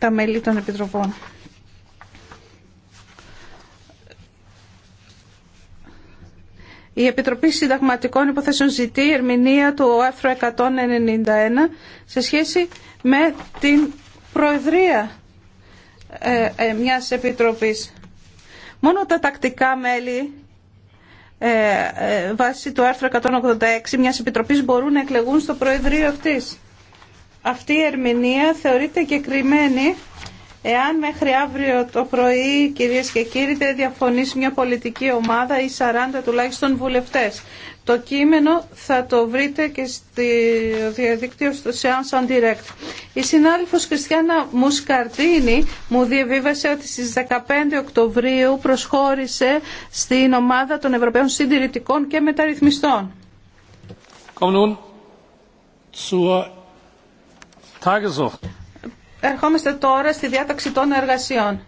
τα μέλη των Επιτροπών. Η Επιτροπή Συνταγματικών Υποθέσεων ζητεί ερμηνεία του άρθρου 191 σε σχέση με την Προεδρία ε, ε, μιας Επιτροπής. Μόνο τα τακτικά μέλη ε, βάσει του άρθρου 186 μιας Επιτροπής μπορούν να εκλεγούν στο Προεδρείο αυτής αυτή η ερμηνεία θεωρείται εγκεκριμένη εάν μέχρι αύριο το πρωί, κυρίες και κύριοι, δεν διαφωνήσει μια πολιτική ομάδα ή 40 τουλάχιστον βουλευτές. Το κείμενο θα το βρείτε και στη διαδίκτυο στο Seance on Direct. Η συνάδελφος Χριστιάνα Μουσκαρτίνη μου διαβίβασε ότι στις 15 Οκτωβρίου προσχώρησε στην ομάδα των Ευρωπαίων Συντηρητικών και Μεταρρυθμιστών. Ερχόμαστε τώρα στη διάταξη των εργασιών.